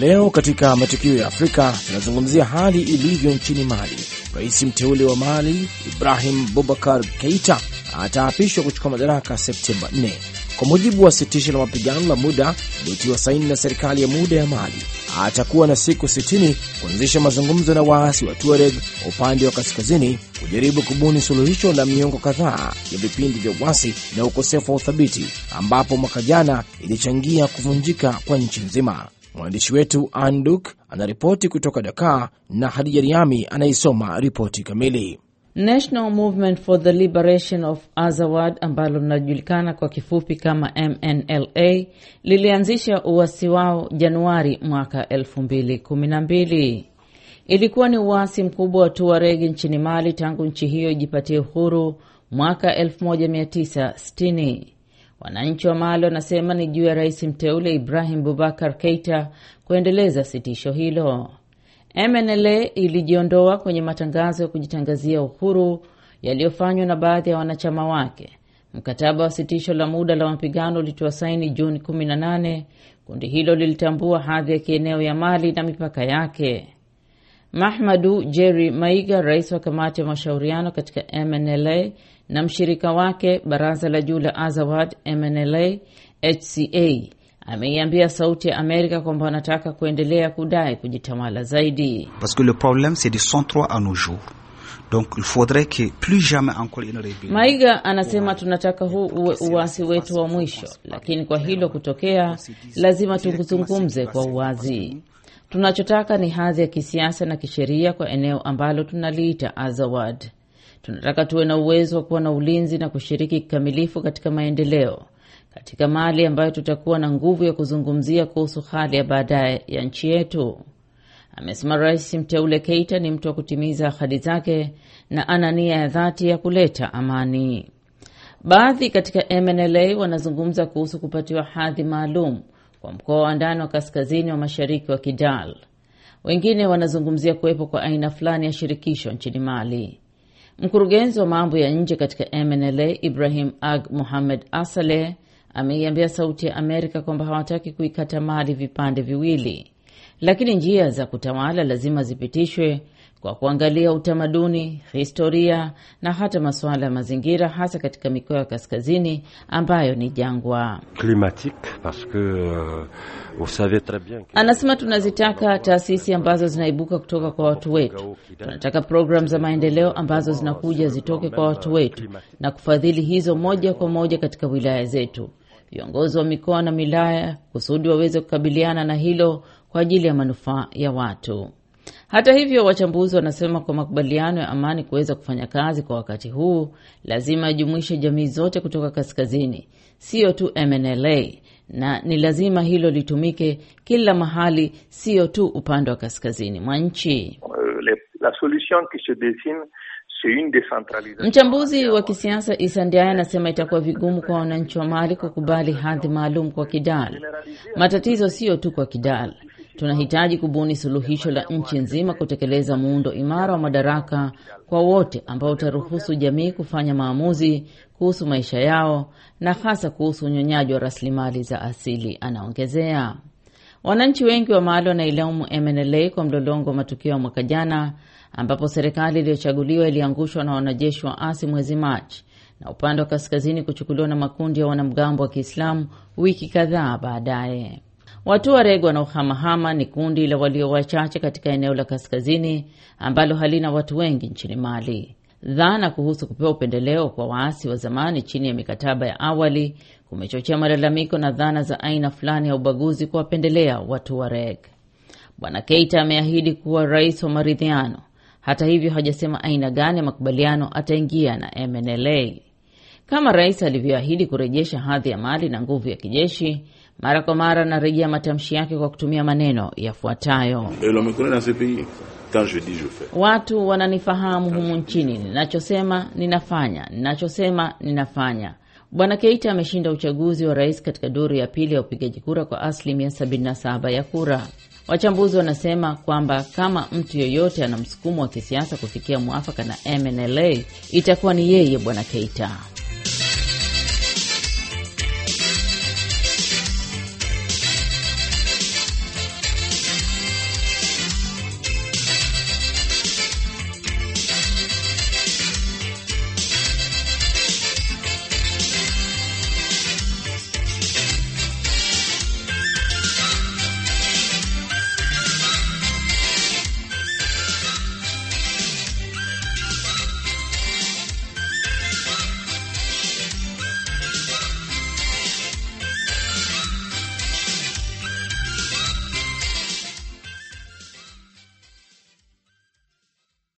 Leo katika matukio ya Afrika tunazungumzia hali ilivyo nchini Mali. Rais mteule wa Mali Ibrahim bubakar Keita ataapishwa kuchukua madaraka Septemba 4 kwa mujibu wa sitisho la mapigano la muda uliotiwa saini na serikali ya muda ya Mali. Atakuwa na siku 60 kuanzisha mazungumzo na waasi wa Tuareg upande wa kaskazini kujaribu kubuni suluhisho la miongo kadhaa ya vipindi vya uasi na ukosefu wa uthabiti, ambapo mwaka jana ilichangia kuvunjika kwa nchi nzima. Mwandishi wetu Anduk anaripoti kutoka Dakar na Hadija Riami anaisoma ripoti kamili. National Movement for the Liberation of Azawad ambalo linajulikana kwa kifupi kama MNLA lilianzisha uasi wao Januari mwaka 2012. Ilikuwa ni uasi mkubwa wa regi nchini Mali tangu nchi hiyo ijipatie uhuru mwaka 1960. Wananchi wa Mali wanasema ni juu ya rais mteule Ibrahim Bubakar Keita kuendeleza sitisho hilo. MNLA ilijiondoa kwenye matangazo ya kujitangazia uhuru yaliyofanywa na baadhi ya wanachama wake. Mkataba wa sitisho la muda la mapigano ulitoa saini Juni 18. Kundi hilo lilitambua hadhi ya kieneo ya Mali na mipaka yake. Mahmadu Jeri Maiga, rais wa kamati ya mashauriano katika MNLA na mshirika wake baraza la juu la Azawad MNLA HCA, ameiambia Sauti ya Amerika kwamba wanataka kuendelea kudai kujitawala zaidi. Parce que le c'est du centre nos jours. Donc, il faudrait que plus jamais encore une rébellion. Maiga anasema tunataka huu uwe uwasi wetu wa mwisho, lakini kwa hilo kutokea lazima tuzungumze kwa uwazi. Tunachotaka ni hadhi ya kisiasa na kisheria kwa eneo ambalo tunaliita Azawad. Tunataka tuwe na uwezo wa kuwa na ulinzi na kushiriki kikamilifu katika maendeleo katika mali ambayo tutakuwa na nguvu ya kuzungumzia kuhusu hali ya baadaye ya nchi yetu, amesema rais mteule Keita ni mtu wa kutimiza ahadi zake na ana nia ya dhati ya kuleta amani. Baadhi katika MNLA wanazungumza kuhusu kupatiwa hadhi maalum kwa mkoa wa ndani wa kaskazini wa mashariki wa Kidal. Wengine wanazungumzia kuwepo kwa aina fulani ya shirikisho nchini Mali. Mkurugenzi wa mambo ya nje katika MNLA Ibrahim Ag muhammed asaleh ameiambia Sauti ya Amerika kwamba hawataki kuikata Mali vipande viwili lakini njia za kutawala lazima zipitishwe kwa kuangalia utamaduni, historia na hata masuala ya mazingira, hasa katika mikoa ya kaskazini ambayo ni jangwa. Euh, Anasema tunazitaka taasisi ambazo zinaibuka kutoka kwa watu wetu, tunataka programu za maendeleo ambazo zinakuja zitoke kwa watu wetu na kufadhili hizo moja kwa moja katika wilaya zetu. Viongozi wa mikoa na wilaya kusudi waweze kukabiliana na hilo kwa ajili ya manufaa ya watu. Hata hivyo, wachambuzi wanasema kwa makubaliano ya amani kuweza kufanya kazi kwa wakati huu lazima ijumuishe jamii zote kutoka kaskazini, sio tu MNLA, na ni lazima hilo litumike kila mahali, sio tu upande wa kaskazini mwa nchi. Mchambuzi wa kisiasa Isa Ndiaye anasema itakuwa vigumu kwa wananchi wa Mali kukubali hadhi maalum kwa Kidal. Matatizo siyo tu kwa Kidal, Tunahitaji kubuni suluhisho la nchi nzima kutekeleza muundo imara wa madaraka kwa wote ambao utaruhusu jamii kufanya maamuzi kuhusu maisha yao na hasa kuhusu unyonyaji wa rasilimali za asili, anaongezea. Wananchi wengi wa Mali wanailaumu MNLA kwa mlolongo wa matukio ya mwaka jana ambapo serikali iliyochaguliwa iliangushwa na wanajeshi wa asi mwezi Machi na upande wa kaskazini kuchukuliwa na makundi ya wanamgambo wa Kiislamu wiki kadhaa baadaye. Watuareg wanaohamahama ni kundi la walio wachache katika eneo la kaskazini ambalo halina watu wengi nchini Mali. Dhana kuhusu kupewa upendeleo kwa waasi wa zamani chini ya mikataba ya awali kumechochea malalamiko na dhana za aina fulani ya ubaguzi kuwapendelea reg Bwana Keita ameahidi kuwa rais wa maridhiano. Hata hivyo, hajasema aina gani ya makubaliano ataingia na MNLA. Kama rais alivyoahidi kurejesha hadhi ya mali na nguvu ya kijeshi, mara kwa mara anarejea matamshi yake kwa kutumia maneno yafuatayo: watu wananifahamu humu nchini, ninachosema ninafanya, ninachosema ninafanya. Bwana Keita ameshinda uchaguzi wa rais katika duru ya pili ya upigaji kura kwa asilimia 77 ya kura. Wachambuzi wanasema kwamba kama mtu yeyote ana msukumo wa kisiasa kufikia mwafaka na MNLA itakuwa ni yeye, Bwana Keita.